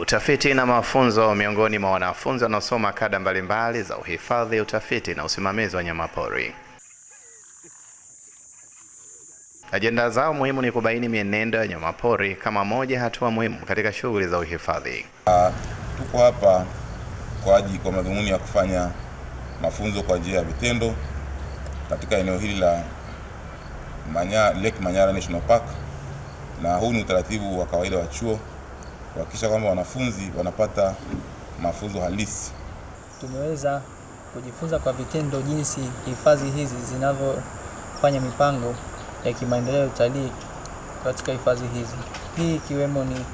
Utafiti na mafunzo miongoni mwa wanafunzi wanaosoma kada mbalimbali za uhifadhi, utafiti na usimamizi wa wanyamapori. Ajenda zao muhimu ni kubaini mienendo ya nyamapori kama moja hatua muhimu katika shughuli za uhifadhi. Uh, tuko hapa kwa ajili kwa madhumuni ya kufanya mafunzo kwa njia ya vitendo katika eneo hili la Manya, Lake Manyara National Park, na huu ni utaratibu wa kawaida wa chuo kuhakikisha kwamba wanafunzi wanapata mafunzo halisi. Tumeweza kujifunza kwa vitendo jinsi hifadhi hizi zinavyofanya mipango ya kimaendeleo ya utalii katika hifadhi hizi, hii ikiwemo ni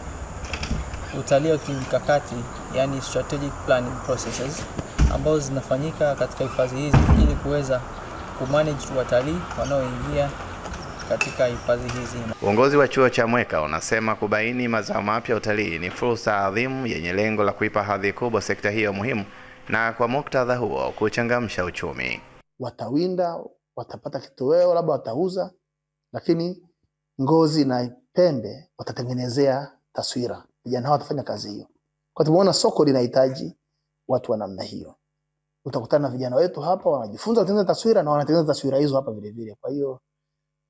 utalii wa kimkakati, yani strategic planning processes ambazo zinafanyika katika hifadhi hizi ili kuweza kumanage watalii wanaoingia katika hifadhi hizi. Uongozi wa chuo cha Mweka unasema kubaini mazao mapya utalii ni fursa adhimu yenye lengo la kuipa hadhi kubwa sekta hiyo muhimu, na kwa muktadha huo kuchangamsha uchumi. Watawinda, watapata kitoweo, labda watauza, lakini ngozi na pembe watatengenezea taswira. Vijana hao watafanya kazi hiyo, kwa tumeona soko linahitaji watu wa namna hiyo. Utakutana na vijana wetu hapa wanajifunza kutengeneza taswira na wanatengeneza taswira hizo hapa vilevile, kwa hiyo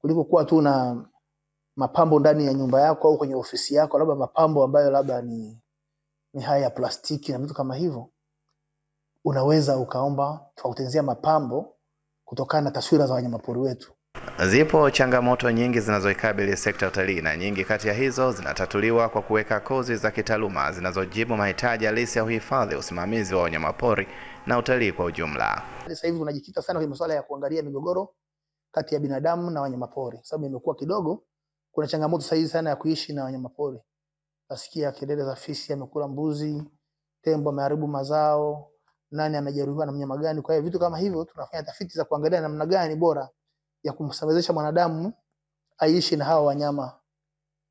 kuliko kuwa tu na mapambo ndani ya nyumba yako au kwenye ofisi yako, labda mapambo ambayo labda ni, ni haya ya plastiki na vitu kama hivyo. Unaweza ukaomba tukakutengenezea mapambo kutokana na taswira za wanyamapori wetu. Zipo changamoto nyingi zinazoikabili sekta ya utalii na nyingi kati ya hizo zinatatuliwa kwa kuweka kozi za kitaaluma zinazojibu mahitaji halisi ya uhifadhi, usimamizi wa wanyamapori na utalii kwa ujumla. Sasa hivi tunajikita sana kwenye masuala ya kuangalia migogoro kati ya binadamu na wanyamapori, sababu imekuwa kidogo kuna changamoto sahihi sana ya kuishi na wanyamapori. Nasikia kelele za fisi amekula mbuzi, tembo ameharibu mazao, nani amejeruhiwa na mnyama gani. Kwa hiyo vitu kama hivyo tunafanya tafiti za kuangalia namna gani bora ya kumsawezesha mwanadamu aishi na hawa wanyama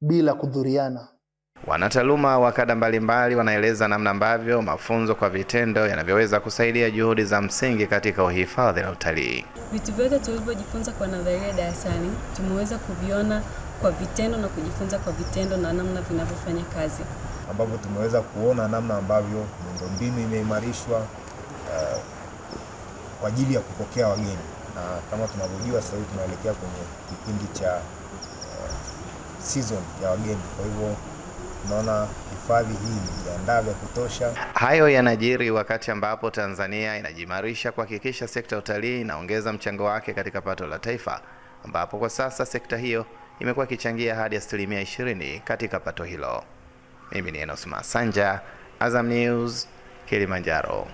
bila kudhuriana. Wanataaluma wa kada mbalimbali wanaeleza namna ambavyo mafunzo kwa vitendo yanavyoweza kusaidia juhudi za msingi katika uhifadhi na utalii. Vitu vyote tulivyojifunza kwa nadharia darasani tumeweza kuviona kwa vitendo na kujifunza kwa vitendo na namna vinavyofanya kazi, ambapo tumeweza kuona namna ambavyo miundombinu imeimarishwa uh, kwa ajili ya kupokea wageni, na kama tunavyojua sasa hivi tunaelekea kwenye kipindi cha uh, season ya wageni, kwa hivyo Tunaona hifadhi hii imejiandaa vya kutosha. Hayo yanajiri wakati ambapo Tanzania inajimarisha kuhakikisha sekta ya utalii inaongeza mchango wake katika pato la taifa, ambapo kwa sasa sekta hiyo imekuwa ikichangia hadi asilimia 20 katika pato hilo. Mimi ni Enos Masanja, Azam News, Kilimanjaro.